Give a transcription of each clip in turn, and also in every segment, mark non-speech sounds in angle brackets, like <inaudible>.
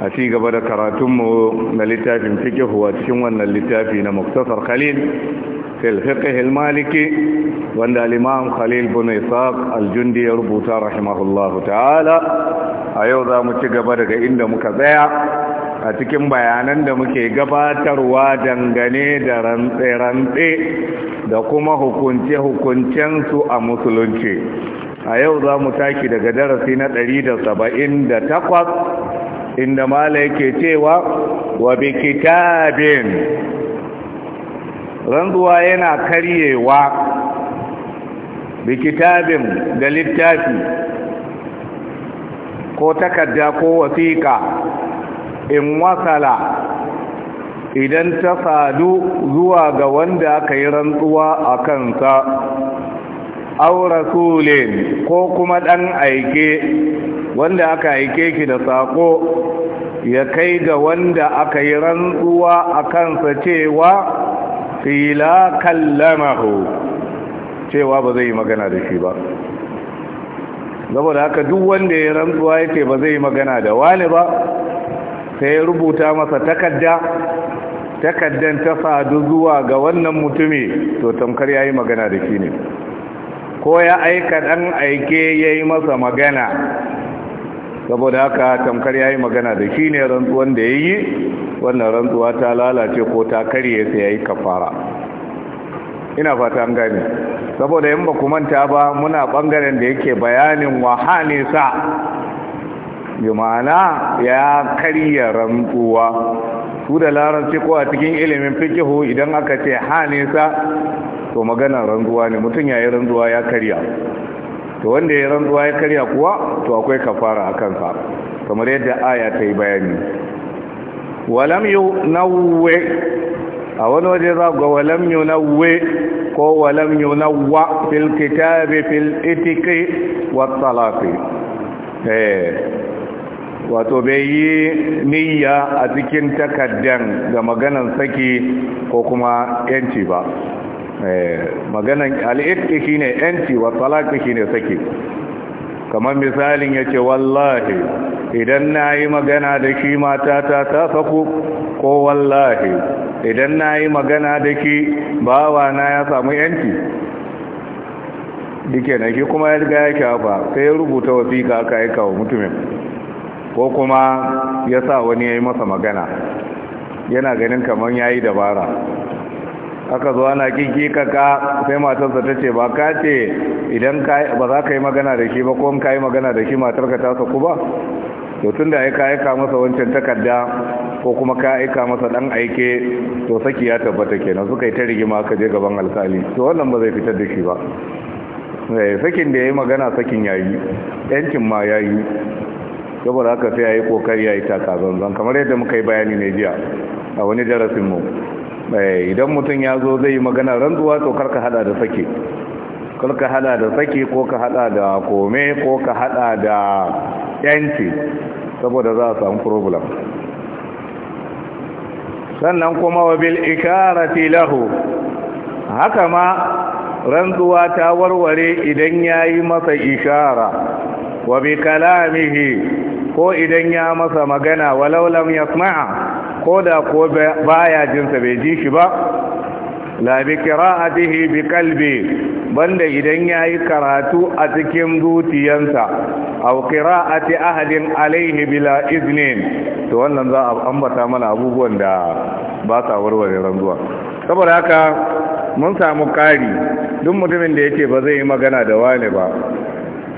a ci gaba da karatunmu na littafin fikihu a cikin wannan littafi na muktasar khalil fil maliki wanda al khalil bin isaq al-jundi ya rubuta rahimahullahu ta'ala a yau za mu ci gaba daga inda muka tsaya a cikin bayanan da muke gabatarwa dangane da rantserantse, da kuma hukunce-hukuncensu a musulunci a yau za mu taki daga darasi na 178 inda mala yake cewa wa bi kitabin rantsuwa yana karyewa bi kitabin da littafi ko takarda ko wasiƙa in wasala idan ta sadu zuwa ga wanda aka yi rantsuwa a kansa aw rasulin ko kuma ɗan aike wanda aka aike ki da sako ya kai ga wanda aka yi rantsuwa a kansa cewa fila kallamahu cewa ba zai yi magana da shi ba saboda haka duk wanda ya rantsuwa ya ce ba zai yi magana da wani ba sai ya rubuta masa takadda takaddan ta sadu zuwa ga wannan mutumi to tamkar ya yi magana da shi ne ko ya aika ɗan aike ya yi masa magana saboda haka tamkar yayi magana da shi ne rantsuwan da yayi wannan rantsuwa ta lalace ko ta karye sai yayi kafara ina fata an gane saboda in ba manta ba muna bangaren da yake bayanin wahane sa bi ma'ana ya karya rantsuwa su da larabci ko a cikin ilimin fikihu idan aka ce hanisa to maganar rantsuwa ne mutum yayi rantsuwa ya karya to wanda ya rantsuwa ya karya kuwa to akwai kafara a kansa kamar yadda aya ta yi bayani walam nauwe a wani waje za ga walam nauwe ko walam nauwa fil kitabi fil itiqi wa talaqi eh wato bai yi niyya a cikin takaddan ga maganan saki ko kuma yanci ba Eh, maganan al'ifki ne yanci wa talaki ne saki kamar misalin ya ce wallahi idan na yi magana da shi mata ta ta saku ko wallahi idan na yi magana da ki bawa ya samu yanci dike na shi kuma ya riga ya shafa sai ya rubuta wasiƙa aka aika wa mutumin ko kuma ya sa wani ya yi masa magana yana ganin kamar ya yi dabara aka zuwa na kikika ka sai matarsa ta ce ba ka ce idan ba za ka yi magana da shi ba ko ka yi magana da shi matarka ta saku ba to tun da ka aika masa wancan takarda ko kuma ka aika masa dan aike to saki ya tabbata kenan suka yi ta rigima ka je gaban alkali to wannan ba zai fitar da shi ba eh, sakin da yayi magana sakin yayi yi yancin ma ya yi saboda haka sai ya kokari yayi yi takazanzan kamar yadda muka yi bayani ne jiya a wani darasin mu Eh, idan mutum ya zo zai yi magana rantsuwa to karka hada da sake karka hada da sake ko ka hada da kome ko ka hada da yanci saboda za a samu problem sannan kuma wa bil ikarati lahu haka ma rantsuwa ta warware idan ya yi masa ishara wa bi kalamihi ko idan ya masa magana walau lam yasma'a ko da ko baya jinsa bai ji shi ba la bi qira'atihi bi qalbi banda idan yayi karatu a cikin zuciyansa aw qira'ati ahadin alaihi bila iznin to wannan za a ambata mana abubuwan da ba sa warware ranzuwa saboda haka mun samu kari duk mutumin da yake ba zai yi magana da wani ba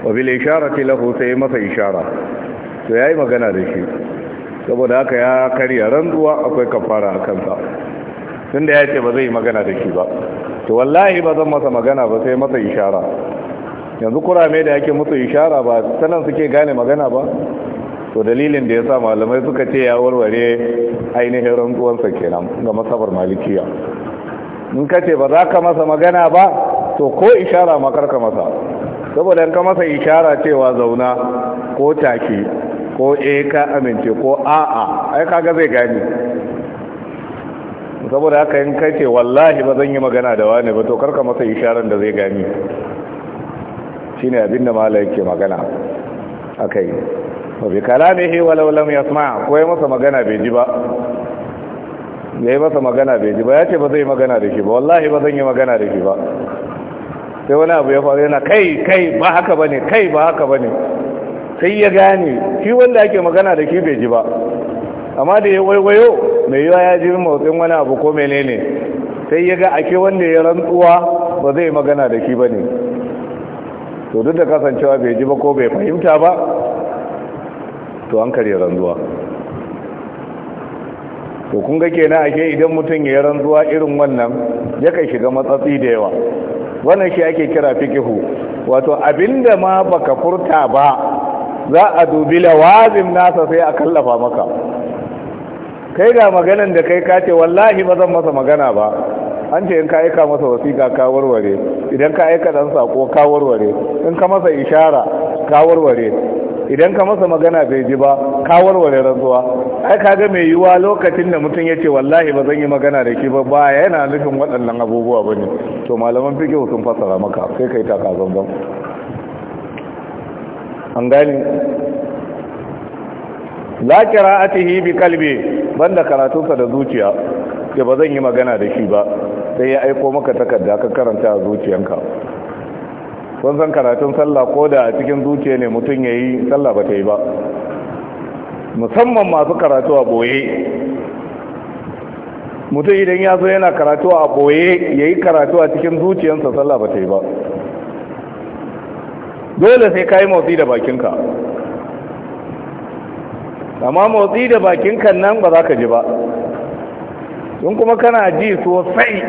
wa bil isharati lahu sai masa ishara to yayi magana da shi saboda haka ya karya randuwa, akwai kafara a kansa tun da ya ce ba zai magana da shi ba to wallahi ba zan masa magana ba sai masa ishara yanzu kurame da yake musu ishara ba sanan suke gane magana ba to dalilin da ya sa malamai suka ce ya warware ainihin rantsuwansa kenan ga masabar malikiya in ka ce ba za ka masa magana ba to ko ishara ma ka masa saboda in ka masa ishara cewa zauna ko take ko eh ka amince ko a'a ai kaga zai gani saboda haka in kai ce wallahi ba zan yi magana da wani ba to karka masa isharar da zai gani shine abin da malai yake magana akai wa bi kalamihi walau lam yasma ko ya masa magana bai ji ba yayi masa magana bai ji ba yace ba zai magana da shi ba wallahi ba zan yi magana da shi ba sai wani abu ya faru yana kai kai ba haka bane kai ba haka bane sai ya gane shi wanda ake magana da shi bai ji ba amma da ya waiwayo mai yiwa ya ji motsin wani abu ko menene sai ya ga ake wanda ya rantsuwa ba zai magana da shi ba ne to duk da kasancewa bai ji ba ko bai fahimta ba to an karya rantsuwa to kun ga kenan ake idan mutum ya rantsuwa irin wannan ya kai shiga matsatsi da yawa wannan shi ake kira fikihu wato abinda ma baka furta ba za a dubi lawazim nasa sai a kallafa maka kai ga maganan da kai ka ce wallahi ba zan masa magana ba an ce in ka aika masa wasiƙa ka warware idan ka aika dan sako ka warware in ka masa ishara ka warware idan ka masa magana bai ji ba ka warware rantsuwa ai ka ga mai yiwuwa lokacin da mutum ya ce wallahi ba zan yi magana da ki ba ba yana nufin waɗannan abubuwa ba ne to malaman fikihu sun fassara maka sai kai taka zanzan an gani la qira'atihi bi kalbi banda karatunsa da zuciya ke ba zan yi magana da shi ba sai ya aiko maka takarda ka karanta a zuciyanka kun san karatun sallah ko da a cikin zuciya ne mutum ya yi sallah ba ta yi ba musamman masu karatu a boye mutum idan ya zo yana karatu a boye ya yi karatu a cikin zuciyansa sallah ba ta yi ba dole sai ka yi motsi da bakinka amma motsi da bakinka nan ba za ka ji ba tun kuma kana ji sosai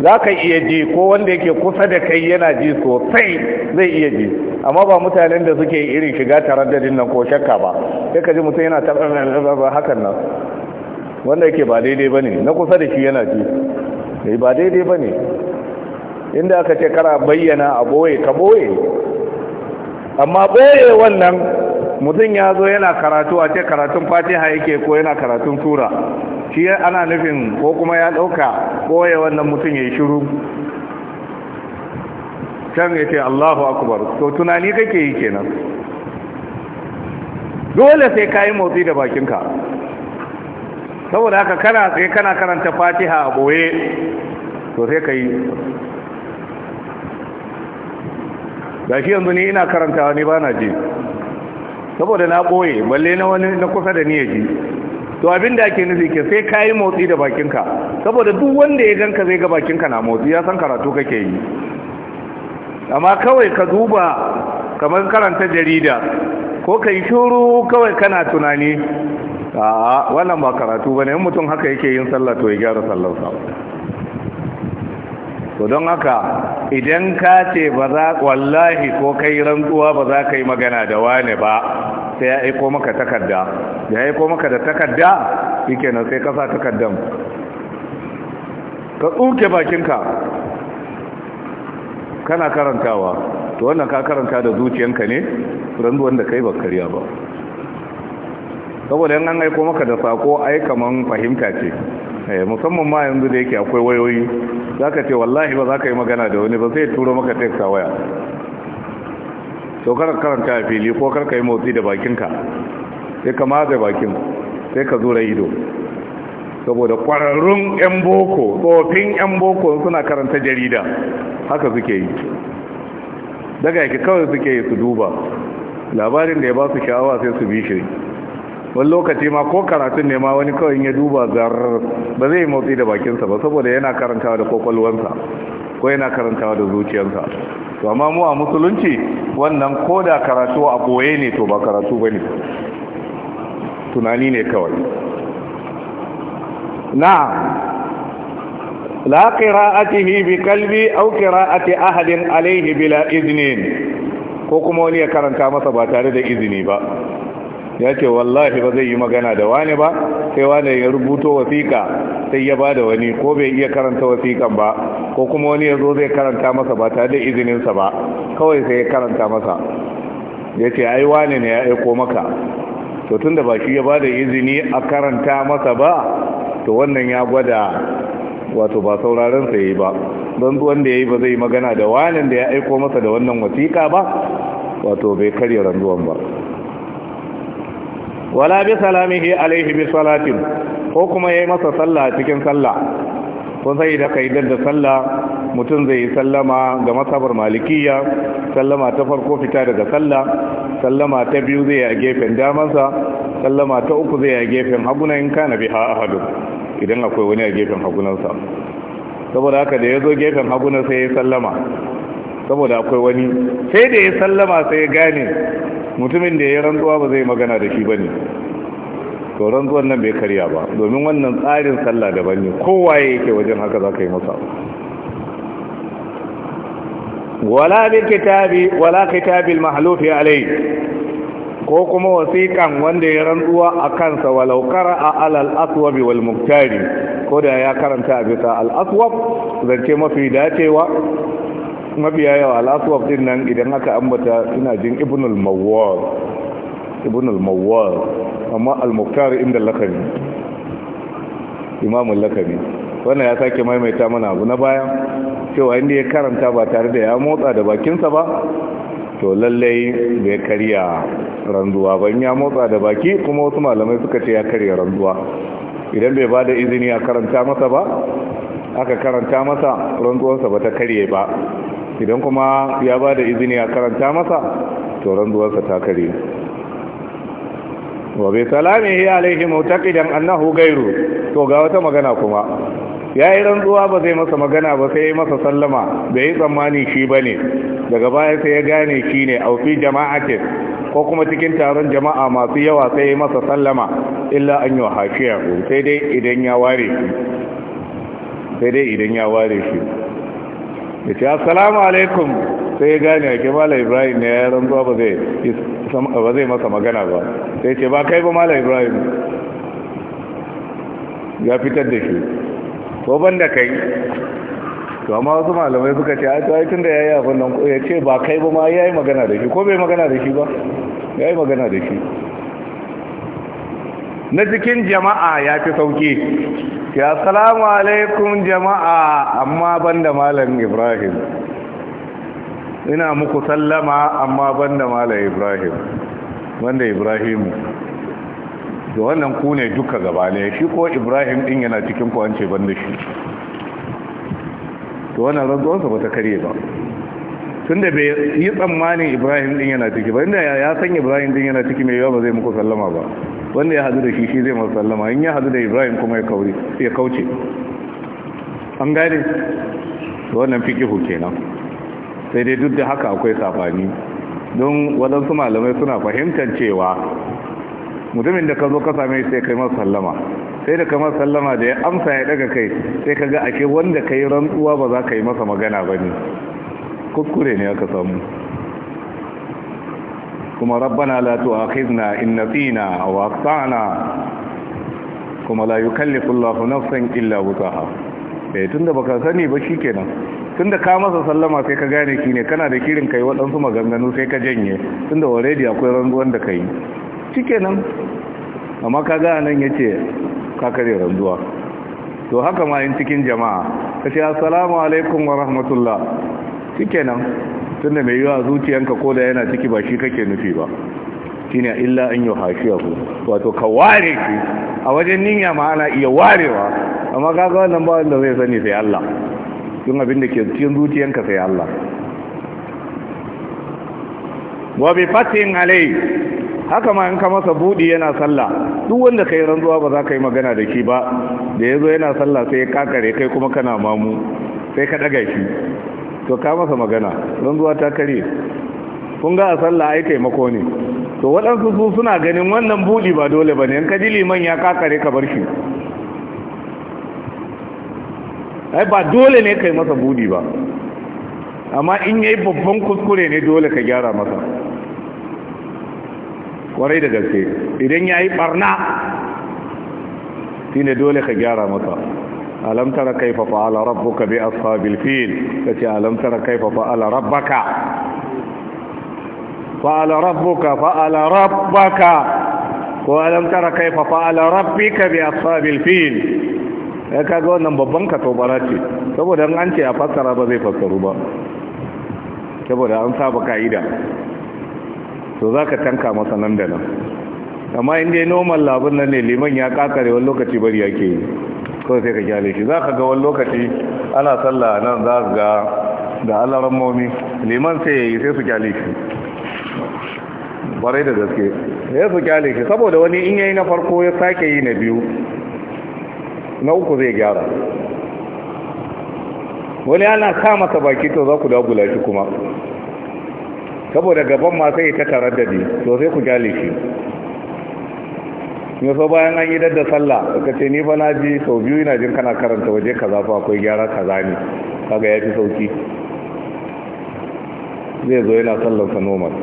za ka iya ji ko wanda yake kusa da kai yana ji sosai zai iya ji amma ba mutanen da suke irin shiga da nan ko shakka ba sai ka ji mutum yana taɓa <laughs> hakan nan wanda yake ba daidai ba ne na kusa da shi yana ji ba daidai ba ne inda aka ce kara bayyana a boye ka boye amma boye wannan mutum ya zo yana karatu a ce karatun fatiha yake ko yana karatun tura shi ana nufin ko kuma ya ɗauka boye wannan mutum ya yi shiru can ya ce allahu akubar to tunani kake yi kenan dole sai ka yi motsi da bakinka saboda haka kana sai kana karanta fatiha a boye to sai ka yi shi yanzu ni ina karantawa ne ba na ji saboda na ɓoye balle na wani na kusa da ni ya ji to abin da ake nufi ke sai ka motsi da bakinka saboda duk wanda ya ganka zai ga bakinka na motsi ya san karatu kake yi amma kawai ka duba kamar karanta jarida ko ka yi shuru kawai kana tunani a wannan ba karatu ba ne mutum haka yake yin sallah to ya gyara sallarsa to don haka idan ka ce ba za wallahi ko kai rantsuwa ba za ka yi magana da wane ba sai ya aiko maka takarda ya aiko maka da takarda yake nan sai ka sa takardan ka tsuke bakinka kana karantawa to wannan ka karanta da zuciyanka ne rantsuwan da kai ba karya ba saboda yan an aiko maka da sako ai kaman fahimta ce eh, musamman ma yanzu da yake akwai wayoyi za ka ce wallahi ba za ka yi magana da wani ba sai turo maka teksa waya kar karanta a fili ko kar ka yi motsi da bakinka sai ka matsa bakin sai ka zura ido saboda kwararrun 'yan boko tsofin 'yan boko suna karanta jarida haka suke yi daga yake kawai suke yi su duba labarin da ya ba su sha'awa sai su bi shi wani lokaci ma ko karatun ne ma wani kawai ya duba zarar ba zai motsi da bakinsa ba saboda yana karantawa da kwakwalwansa ko yana karantawa da zuciyarsa to amma mu a musulunci wannan ko da karatu a boye ne to ba karatu ba ne tunani ne kawai na لا bi kalbi أو قراءة ahadin عليه bila izini ko kuma wani ya karanta masa ba tare da izini ba ya ce wallahi ba zai yi magana da wani ba sai wani ya rubuto wasiƙa sai ya ba da wani ko bai iya karanta wasiƙan ba ko kuma wani ya zo zai karanta masa ba tare da izininsa ba kawai sai ya karanta masa ya ce ai wani ne ya aiko maka to tun da ba shi ya ba da izini a karanta masa ba to wannan ya gwada wato ba sauraron sa yayi ba don wanda yayi ba zai yi magana da wani da ya aiko masa da wannan wasiƙa ba wato bai karya ranzuwan ba wala bi salamihi alaihi bi salatin ko kuma yayi masa sallah cikin sallah ko sai da kai da sallah mutum zai yi sallama ga masabar malikiyya sallama ta farko fita daga sallah sallama ta biyu zai a gefen damansa sallama ta uku zai a gefen haguna in kana ha Ahadu idan akwai wani a gefen hagunansa saboda haka da ya zo gefen haguna sai ya sallama saboda akwai wani sai da ya sallama sai ya gane mutumin da ya rantsuwa ba zai magana da shi ba ne, to rantsuwan nan bai karya ba domin wannan tsarin sallah daban ne kowa yake wajen haka za ka yi masa wala bil kitabi wala kitabil mahlufi alai ko kuma wasiƙan wanda ya rantsuwa akan kansa walau a alal aswab wal muktari ko da ya karanta a bisa al aswab zance mafi dacewa mabiya yawa al'aswaf din nan idan aka ambata suna jin ibnul mawar amma al-muktar inda lakami imamun lakami wannan ya sake maimaita mana abu na baya cewa inda ya karanta ba tare da ya motsa da bakinsa ba to lallai bai karya ranzuwa in ya motsa da baki kuma wasu malamai suka ce ya karya ranzuwa idan bai ba da izini a karanta masa ba aka karanta masa ranzuwarsa ba ta karye ba idan kuma ya ba da izini a karanta masa to ranzuwarsa ta kare wa bai salami ya alaihi mutaqidan annahu gairu to ga wata magana kuma ya yi rantsuwa ba zai masa magana ba sai ya masa sallama bai yi tsammani shi ba ne daga baya sai ya gane shi ne jama'a ce, ko kuma cikin taron jama'a masu yawa sai ya masa sallama illa an yi hashiya sai ya ware sai dai idan ya ware shi ya ce assalamu alaikum sai ya gane a ke mala ibrahim ne ya rantsuwa ba zai masa magana ba sai ce ba kai ba mala ibrahim ya fitar da shi ko ban da kai to amma wasu malamai suka ce a tsaye tun da ya yi abin nan ya ce ba kai ba ma ya yi magana da shi ko bai magana da shi ba ya yi magana da shi na cikin jama'a ya fi sauki ya salamu alaikum jama'a amma banda malam ibrahim ina muku sallama amma banda malam ibrahim banda ibrahim da wannan ku ne duka gaba ne shi ko ibrahim din yana cikin ku an ce banda shi to wannan rantsuwarsa ba ta karye ba tun da bai yi tsammanin ibrahim din yana ciki ba inda ya san ibrahim din yana ciki mai yawa ba zai muku sallama ba wanda ya hadu da shi shi zai matsalama in ya hadu da ibrahim kuma ya kauce an gane wannan fikihu kenan sai dai duk da haka akwai safani don waɗansu malamai suna fahimtar cewa mutumin da ka zo ka same sai kai masa sai da kamar sallama da ya amsa ya daga kai sai ka ga ake wanda ka yi rantsuwa ba za ka yi masa magana ba ne kuskure ne aka samu kuma rabbana la tu'akhizna in nasina aw akhtana kuma la yukallifu Allahu nafsan illa wusaha eh tunda baka sani ba shikenan tunda ka masa sallama sai ka gane shine kana da kirin kai wadansu maganganu sai ka janye tunda already akwai ranguwan da kai shikenan amma ka ga nan yace ka kare ranguwa to haka ma in cikin jama'a kace assalamu alaikum wa rahmatullah shikenan tunda mai yiwa zuciyanka ko da yana ciki ba shi kake nufi ba shine illa an yi hashiyahu wato ka ware shi a wajen ninya ma iya warewa amma kaga wannan ba wanda zai sani sai Allah tun abin da ke cikin zuciyanka sai Allah wa bi fatin alai haka ma in ka masa budi yana sallah duk wanda kai ranzuwa ba za ka yi magana da shi ba da yazo yana sallah sai ya kakare kai kuma kana mamu sai ka daga shi to ka masa magana don zuwa ta kare kun ga a sallah ai taimako ne to waɗansu su suna ganin wannan buɗi ba dole ba ne in ka ji liman ya kakare ka bar shi ai ba dole ne kai masa buɗi ba amma in yayi babban kuskure ne dole ka gyara masa kwarai da gaske idan yayi barna shine dole ka gyara masa alam tara kaifa fa'ala rabbuka bi ashabil fil kace alam tara kaifa fa'ala rabbaka fa'ala rabbuka fa'ala rabbaka ko alam tara kaifa fa'ala rabbika bi ashabil fil ya eh kaga wannan babban katobara ce saboda an ce a fassara ba zai fassaru ba saboda an saba ka'ida to za ka tanka masa nan da nan amma inda ya normal labin nan ne liman ya kakare wani lokaci bari yake yi so sai ka gyale shi za ka ga wani lokaci ana sallah nan za ka ga da alaran momi liman sai ya yi sai su gyale shi barai da gaske ya su gyale shi saboda wani in yayi na farko ya sake yi na biyu na uku zai gyara wani ana sa masa baki to za ku dagula shi kuma saboda gaban ma sai ta tarar da ne to sai ku gyale shi ne so bayan an yi da sallah ka ce ni bana ji sau biyu ina jin kana karanta waje kaza fa akwai gyara kaza ne kaga ya fi sauki zai zo yana sa normal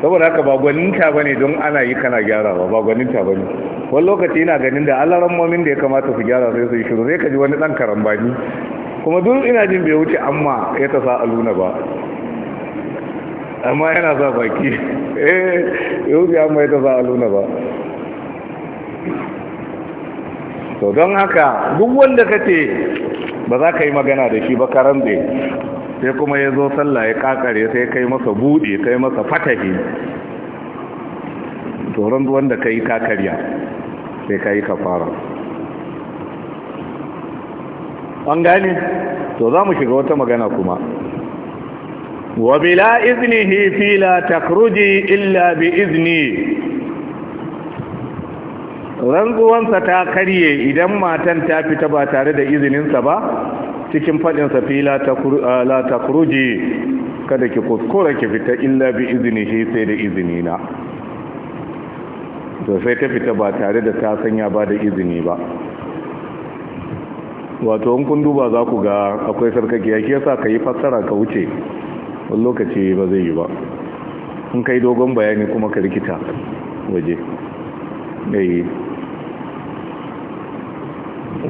saboda haka ba gwaninta ba ne don ana yi kana gyara ba ba gwaninta ba ne wani lokaci ina ganin da alaran momin da ya kamata su gyara sai su yi shiru sai ka ji wani dan karambani kuma duk ina jin bai wuce amma ya ta sa aluna ba amma yana sa baki <laughs> eh ya wuce amma ya ta sa aluna ba to don haka duk wanda ka ce ba za ka yi magana da shi ba karan sai kuma ya zo sallah ya kakare sai kai masa buɗe kai masa fatahi turan wanda ka yi kakariya sai ka yi kafara an gane to za mu shiga wata magana kuma wa bila iznihi fila takruji illa bi izni rantsuwansa ta karye idan matan ta fita ba tare da izininsa ba cikin faɗinsa fi la ta kuruji kada ki kuskura ki fita illa bi shi sai da na to sai ta fita ba tare da ta sanya ba da izini ba wato in kun duba za ku ga akwai sarkakiya ke sa ka yi fassara ka wuce wani lokaci ba zai yi ba in kai dogon bayani kuma ka rikita waje mai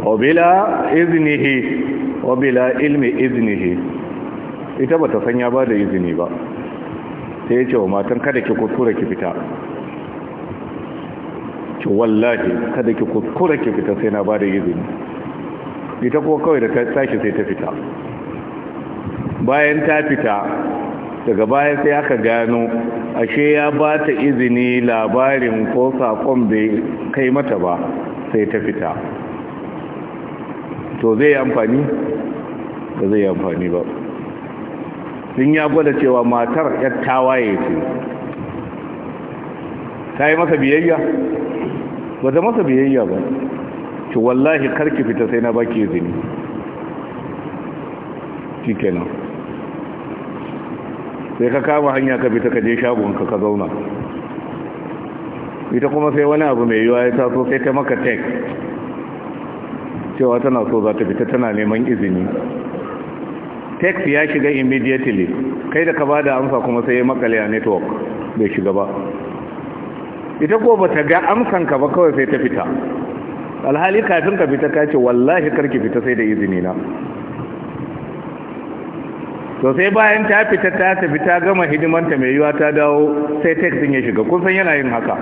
obila izinihi obila ilmi izinihi ita ba ta san ya ba da izini ba sai ya ce wa matan kada ki kuskura ki fita ki wallahi kada ki kuskura ki fita sai na ba da izini ita ko kawai da ta tsaki sai ta fita bayan ta fita daga bayan sai aka gano ashe ya ba ta izini labarin ko sakon bai kai mata ba sai ta fita to zai yi amfani ba zai yi amfani ba sun ya gwada cewa matar ya tawaye ce ta yi masa biyayya ba ta masa biyayya ba ci wallahi karki fita sai na baki zini shi kenan sai ka kama hanya ka fita ka je shagonka ka zauna ita kuma sai wani abu mai yiwa ya taso sai ta maka tek cewa tana so za ta fita tana neman izini text ya shiga immediately kai da ka ba da amsa kuma sai ya makale a network bai shiga ba ita ko ba ta ga ka ba kawai sai ta fita alhali kafin ka fita ka ce wallahi karki fita sai da izini na to sai bayan ta fita ta tafi ta gama hidimanta mai yiwa ta dawo sai text ya shiga kun san yana yin haka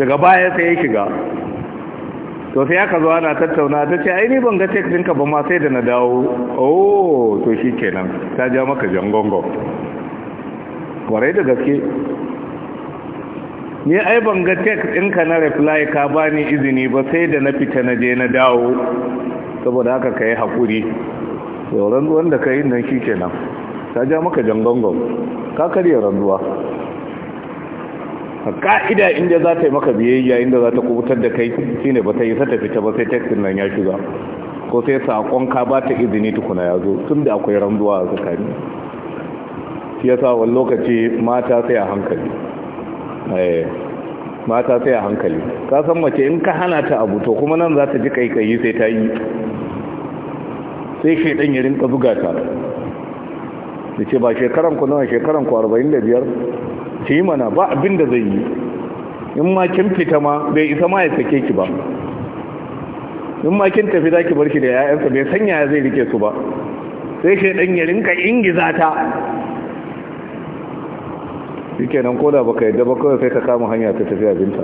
daga baya sai ya shiga to sai aka zo ana tattauna ta ce ai ni ban ga check ɗinka ba ma sai da na dawo oh to shi kenan ta ja maka jangongo kwarai da gaske ni ai ban ga tek ɗinka na reply ka bani izini ba sai da na fita na je na dawo saboda haka kai hakuri to ranzuwan da kai nan shi kenan ta ja maka jangongo ka karya ranzuwa ka'ida inda za ta yi maka biyayya inda za ta kubutar da kai shi ne ba ta yi sata fita ba sai tekstin nan ya shiga ko sai sakon ka ba ta izini tukuna ya zo tun da akwai ranzuwa a tsakani shi ya sa wani lokaci mata sai a hankali eh, mata sai a hankali ka san mace in ka hana ta abu to kuma nan za ta ji kaikayi sai ta yi sai dan ya rinka buga ta da ce ba shekaran ku nawa shekaran ku 45 ki yi mana ba abin da zai yi in ma kin fita ma bai isa ma ya sake ki ba in ma kin tafi za ki bar shi da yayansa bai sanya ya zai rike su ba sai shi dan ya rinka ingiza ta shike nan koda baka yadda ba kawai sai ka kama hanya ta tafi abinta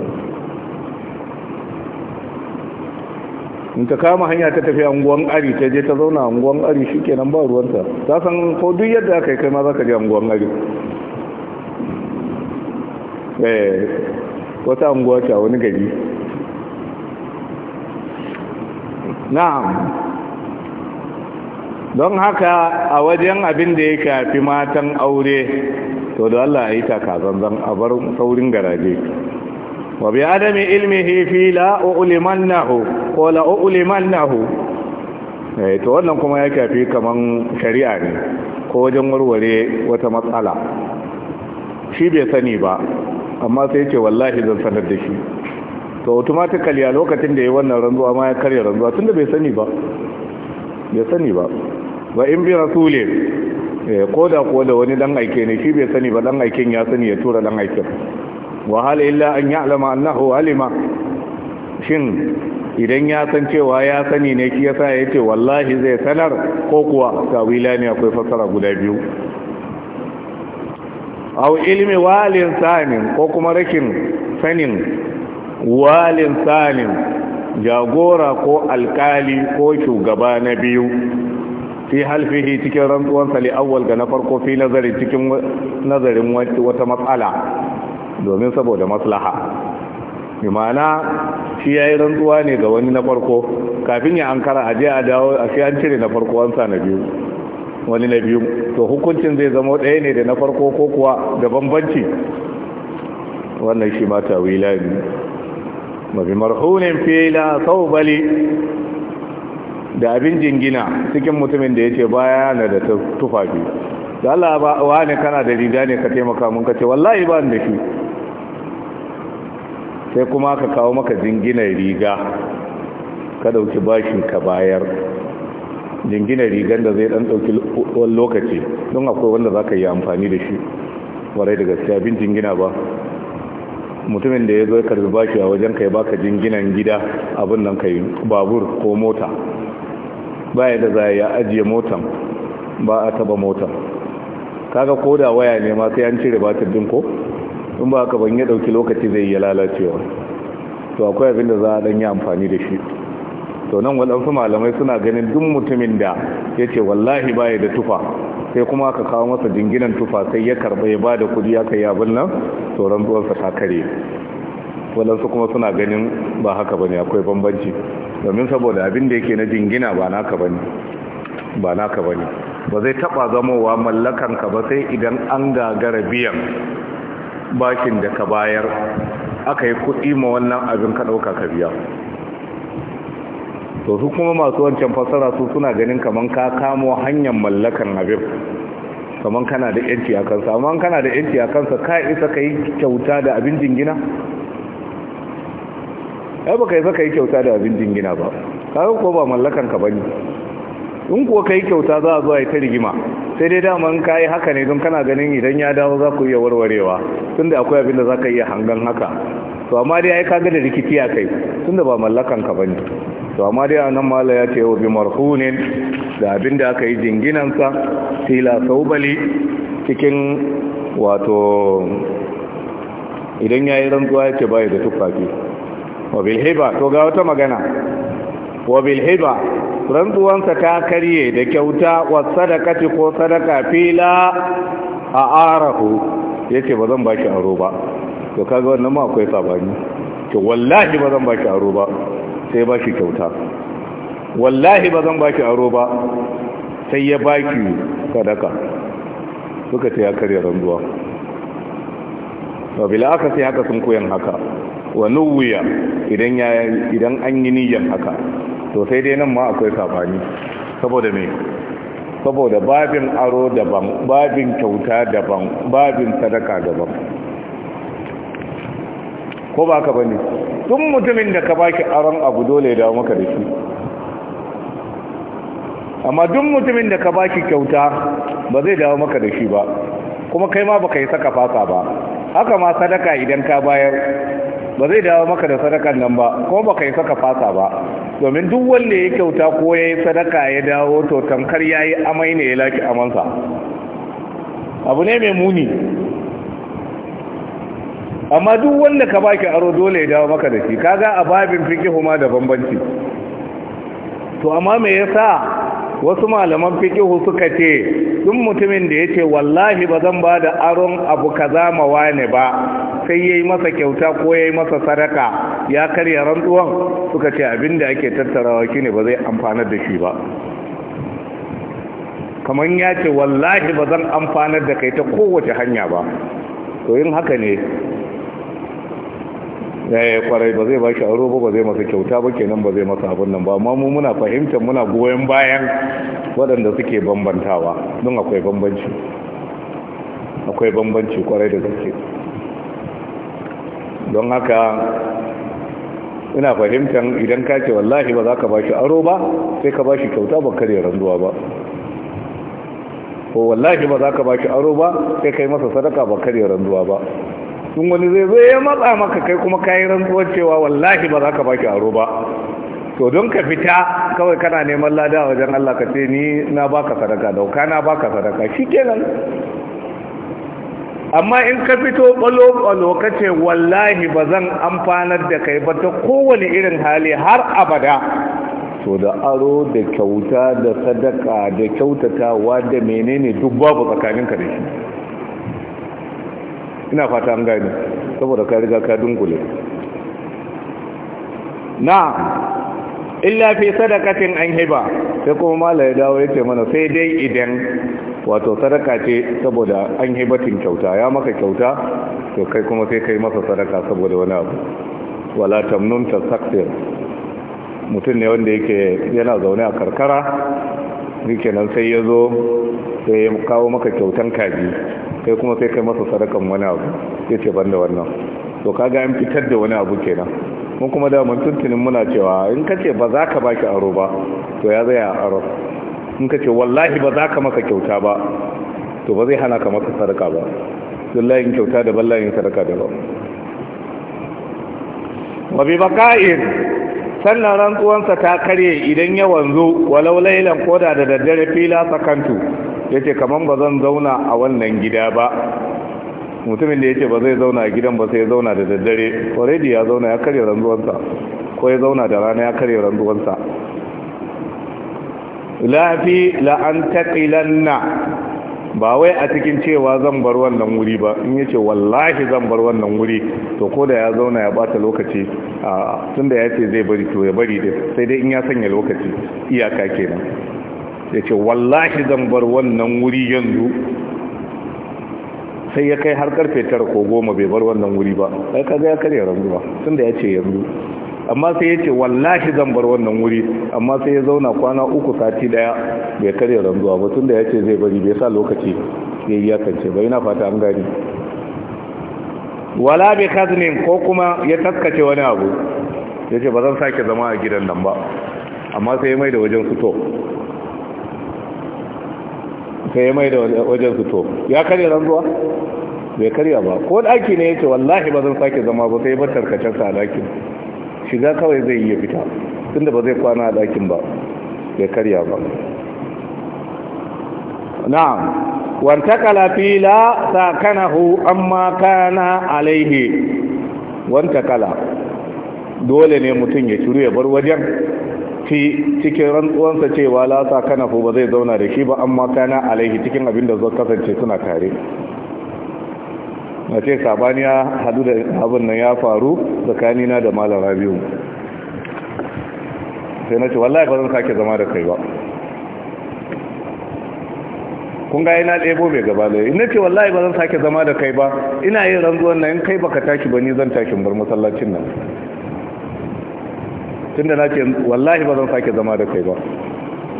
in ta kama hanya ta tafi anguwan ari ta je ta zauna anguwan ari shike nan ba ruwanta ta san ko duk yadda aka yi kai ma za ka je anguwan ari Eh, wata anguwa ta wani gari na'am don haka a wajen abin da ya kafi matan aure to da Allah yi taka zan a bar saurin garaje wa bi adami ilmihi fi la ulimannahu ulimannahu eh to wannan kuma ya kafi kaman shari'a ne ko wajen warware wata matsala shi bai sani ba amma sai ce wallahi zan sanar da shi to automatically a lokacin da ya wannan ranzuwa ma ya karya ranzuwa tunda bai sani ba bai sani ba wa in bi rasule eh, ko da ko da wani dan aike ne shi bai sani ba dan aiken ya sani ya tura dan aiken wa hal illa an ya'lama annahu alima shin idan ya san cewa ya sani ne shi yasa ya ce wallahi zai sanar ko kuwa tawila ne akwai fasara guda biyu au ilmi walin sanin ko kuma rakin sanin walin sanin jagora ko alkali ko shugaba na biyu fi halfihi cikin rantsuwansa li awwal ga na farko fi nazari cikin nazarin wata matsala domin saboda maslaha imana shi ya yi rantsuwa ne ga wani na farko kafin ya ankara a je a dawo a shi an cire na farko wansa na biyu wani na biyu to hukuncin zai zama ɗaya ne da na farko ko kuwa da bambanci wannan shi ma wila ne mafi marhunin fela saubali da abin jingina cikin mutumin da ya ce baya na da tufafi da Allah ba wa ne kana da riga ne ka taimaka mun ka ce wallahi ba da shi sai kuma ka kawo maka jinginan riga ka dauki bashin ka bayar jingina rigar da zai dan dauki lokaci don akwai wanda za ka yi amfani da shi warai da gaskiya bin jingina ba mutumin da ya zo ba shi a wajen kai baka jinginan gida abin nan kai babur ko mota baya da za ya ajiye motan ba a taba motan kaga da waya ne ma sai an cire batir din ko in ba ka ban ya dauki lokaci zai yi lalacewa to akwai abin da za a dan yi amfani da shi to nan waɗansu malamai suna ganin duk mutumin da ya ce wallahi baya da tufa sai kuma aka kawo masa jinginan tufa sai ya karɓa ya ba da kuɗi aka yi abin nan to rantsuwarsa ta kare waɗansu kuma suna ganin ba haka ba ne, akwai bambanci domin saboda abin da yake na jingina ba naka ba naka ba zai taɓa zamowa mallakanka ba sai idan an gagara biyan bakin da ka bayar aka yi kuɗi ma wannan abin ka ɗauka ka biya to su kuma masu wancan fassara su suna ganin kaman ka kamo hanyar mallakar abin kaman kana da yanci a kansa amma kana da yanci a kansa ka isa ka yi kyauta da abin jingina ya ba ka isa ka yi kyauta da abin jingina ba ka ko ba mallakan ka bane in kuwa ka yi kyauta za a a yi ta rigima sai dai daman ka yi haka ne don kana ganin idan ya dawo za ku iya warwarewa tun da akwai abin da za ka iya hangan haka to amma dai ya yi kaga da rikici a kai tun da ba mallakan ka bane to amma dai a nan mala ya ce wa bi marhunin da abin da aka yi jinginansa fila saubali cikin wato idan ya yi rantsuwa ya ce bai da tufafi wa bilhiba to ga wata magana wa bilhiba rantsuwansa ta karye da kyauta wa sadakati ko sadaka fila a arahu ya ce ba zan ba shi aro ba to kaga wannan ma akwai sabani to wallahi ba zan ba shi aro ba sai ya baki kyauta wallahi ba zan baki aro ba sai ya baki sadaka suka ce ya karya ranzuwa ba bila aka sai haka sun koyan haka wa nuwuya idan ya idan an yi niyyar haka to sai dai nan ma akwai sabani saboda me saboda babin aro daban babin kyauta daban babin sadaka daban ko ba ka bane tun mutumin da ka baki aron abu dole ya dawo maka da shi amma duk mutumin da ka baki kyauta ba zai dawo maka da shi ba kuma kai ma baka yi saka fasa ba haka ma sadaka idan ka bayar ba zai dawo maka da sadakan nan ba kuma baka yi saka fasa ba domin duk wanda ya kyauta ko ya yi sadaka ya dawo to tamkar ya yi amai ne ya laki amansa abu ne mai muni amma duk wanda ka baki aro dole ya dawo maka da shi kaga a babin fikihu ma da bambanci to amma me yasa wasu malaman fikihu suka ce duk mutumin da yace wallahi ba zan ba da aron abu kaza ma wane ba sai yayi masa kyauta ko yayi masa sadaka ya karya rantsuwan suka ce abinda ake tattarawa shine ba zai amfanar da shi ba kamar ya ce wallahi ba zan amfanar da kai ta kowace hanya ba to yin haka ne eh kwarai ba zai bashi aro ba ba zai masa kyauta ba kenan ba zai masa abin nan ba amma mu muna fahimtar muna goyon bayan waɗanda suke bambantawa don akwai bambanci akwai bambanci kwarai da gaske don haka ina fahimtar idan ka ce wallahi ba za ka bashi aro ba sai ka bashi kyauta ba kare randuwa ba ko wallahi ba za ka bashi aro ba sai kai masa sadaka ba kare randuwa ba tun wani zai zo ya matsa maka kai kuma ka yi rantsuwar cewa wallahi ba za ka baki aro ba to don ka fita kawai kana neman lada wajen Allah ka ce ni na baka sadaka dauka na baka sadaka shikenan amma in ka fito balo-balo ka ce wallahi ba zan amfanar da kai ba ta kowane irin hali har abada to da aro da kyauta da sadaka da kyautatawa da menene duk babu tsakaninka da shi ina fata an gani saboda ka riga ka dunkule na illa fi sadakatin an hiba sai kuma mala dawo ya ce mana sai dai idan wato sadaka ce saboda an hibatin kyauta ya maka kyauta to kai kuma sai kai masa sadaka saboda wani abu wala tamnun tasaktir mutum ne wanda yake yana zaune a karkara shikenan sai ya zo sai ya kawo maka kyautan kaji Sai kuma sai kai masa sadakan wani abu ya ce banda wannan to kaga an fitar da wani abu kenan mun kuma da mun tuntunin muna cewa in ka ce ba za ka baki aro ba to ya zai aro in ka ce wallahi ba za ka maka kyauta ba to ba zai hana ka maka sadaka ba layin kyauta da layin sadaka da ba wa bi baqa'in sannan rantsuwansa ta karye idan ya wanzo walau lailan koda da daddare fila sakantu ce kaman ba zan zauna a wannan gida ba mutumin da ya ce ba zai zauna a gidan ba sai ya zauna da daddare already ya zauna ya karye rantsuwansa ko ya zauna da rana ya karye rantsuwansa la fi ba wai a cikin cewa zan bar wannan wuri ba in yace wallahi zan bar wannan wuri to ko da ya zauna ya bata lokaci a tunda ya ce zai bari to ya bari da sai dai in ya sanya lokaci iyaka kenan ya ce wallahi zan bar wannan wuri yanzu sai ya kai har karfe tara ko goma bai bar wannan wuri ba sai kaga ya karya ranzuwa tunda ya ce yanzu amma sai ya ce wallahi zan bar wannan wuri amma sai ya zauna kwana uku sati daya bai karya ranzuwa ba tun da ya ce zai bari bai sa lokaci ya yi yakance bai na fata an gani wala bi kaznin ko kuma ya taskace wani abu ya ce ba zan sake zama a gidan nan ba amma sai ya mai da wajen fito sai ya mai da wajen fito ya karya ranzuwa bai karya ba ko daki ne ya ce wallahi ba zan sake zama ba sai ya bar tarkacensa a dakin shiga kawai zai iya fita tunda ba zai kwana a ɗakin ba bai karya ba na'am wantakala fila sakanahu amma kana alaihi wantakala dole ne mutum ya shiru ya bar wajen fi cikin rantsuwansa cewa la kanafu ba zai zauna da shi ba amma kana alaihi cikin abin da zo kasance suna tare na ce sabani ya hadu da abin nan ya faru tsakanina da malam biyu sai na ce wallahi ba zan sake zama da kai ba kun ga yana ɗebo mai gaba da ina ce wallahi ba zan sake zama da kai ba ina yin ranzuwan nan in kai baka tashi ba ni zan tashi bar masallacin nan tunda na ce wallahi ba zan sake zama da kai ba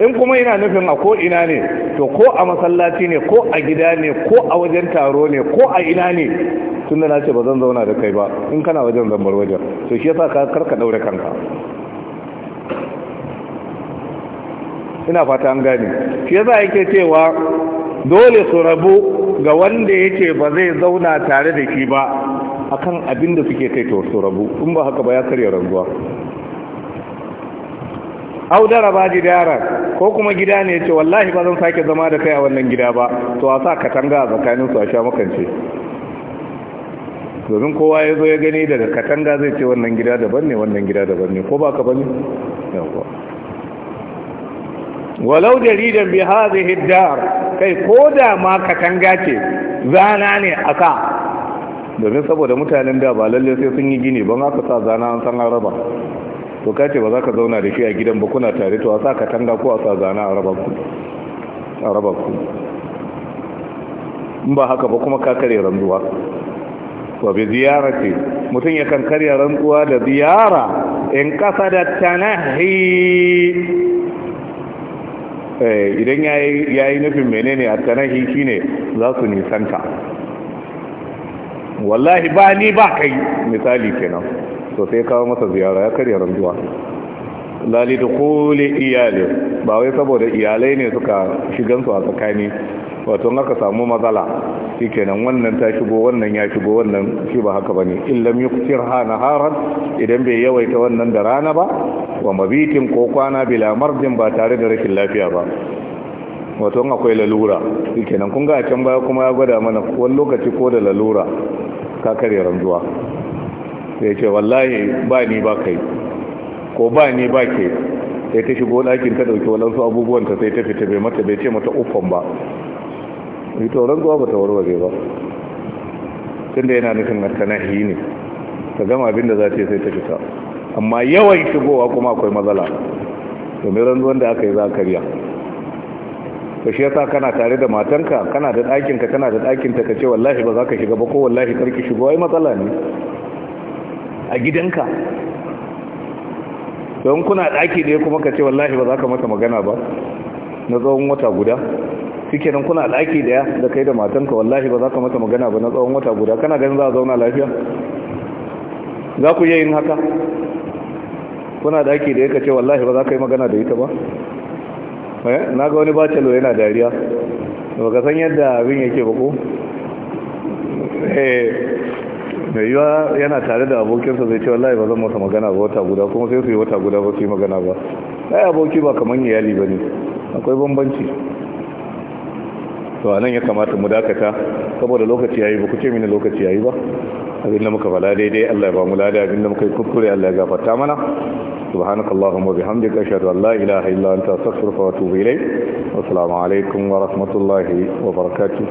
in kuma ina nufin a ko ina ne to ko a masallaci ne ko a gida ne ko a wajen taro ne ko a ina ne tun da na ce ba zan zauna da kai ba in kana wajen zambar wajen to shi yasa ka karka daure kanka ina fata an gane shi yasa yake cewa dole su rabu ga wanda yake ba zai zauna tare da shi ba akan abin da suke kai to su rabu in ba haka ba ya karya ranzuwa au ji jidaran ko kuma gida ne ce wallahi ba zan sake zama da kai a wannan gida ba to a sa katanga a tsakanin su a sha makance domin kowa ya zo ya gani daga katanga zai ce wannan gida daban ne wannan gida daban ne ko ba ka bane yawa walau jaridan bi hadhihi dar kai ko da ma katanga ce zana ne aka domin saboda mutanen da ba lalle sai sun yi gini ban aka sa zana an san araba to ka ce ba za ka zauna da shi a gidan ba kuna tare to a sa katanga ko a sa zana a raba ku in ba haka ba kuma ka kare rantsuwa wa bi ziyarati mutum kan karya rantsuwa da ziyara in kasa da tanahi eh, idan ya yi nufin menene a tanahi shine za su nisanta wallahi ba ni ba kai misali kenan to sai kawo masa ziyara ya karya ranzuwa lali da kole iyali ba wai saboda iyalai ne suka shigansu a tsakani wato aka samu matsala shi kenan wannan ta shigo wannan ya shigo wannan shi ba haka ba ne illam yi kusur hana haran idan bai yawaita wannan da rana ba wa mabitin ko kwana bila marjin ba tare da rashin lafiya ba wato akwai lalura shi kenan kun ga a can baya kuma ya gwada mana wani lokaci ko da lalura ka karya ranzuwa sai ce wallahi ba ni ba kai ko ba ni ba ke sai ta shigo ɗakin ta ɗauki walansu abubuwan ta sai ta fita bai mata bai ce mata uffan ba ita zuwa ba ta warware ba tunda yana nufin attanahi ne ta gama abin da za ta sai ta fita amma yawan shigowa kuma akwai matsala domin rantsuwan da aka yi za karya to shi yasa kana tare da matanka kana da ɗakinka kana da ɗakinta ka ce wallahi ba za ka shiga ba ko wallahi karki shigo ai matsala ne a gidanka don kuna ɗaki ne kuma ka ce wallahi ba za ka mata magana ba na tsawon wata guda suke nan kuna ɗaki ɗaya da kai da matanka wallahi ba za ka mata magana ba na tsawon wata guda kana ganin za a zauna lafiya za ku yayin yin haka kuna ɗaki ɗaya ka ce wallahi ba za ka yi magana da ita ba eh, na ga wani bacelo yana dariya ba ka san yadda abin yake ba ko eh. mai yiwa yana tare da abokinsa zai ce wallahi ba zan masa magana ba wata guda kuma sai su yi wata guda ba su yi magana ba ai aboki ba kamar iyali ba ne akwai bambanci to anan ya kamata mu dakata saboda lokaci yi ba kuke mini lokaci yayi ba abin da muka fala daidai Allah ya ba mu lada abin da muka yi kuskure Allah ya gafarta mana subhanakallahumma bihamdika ashhadu an la ilaha illa anta astaghfiruka wa atubu ilayk wa assalamu alaikum wa rahmatullahi wa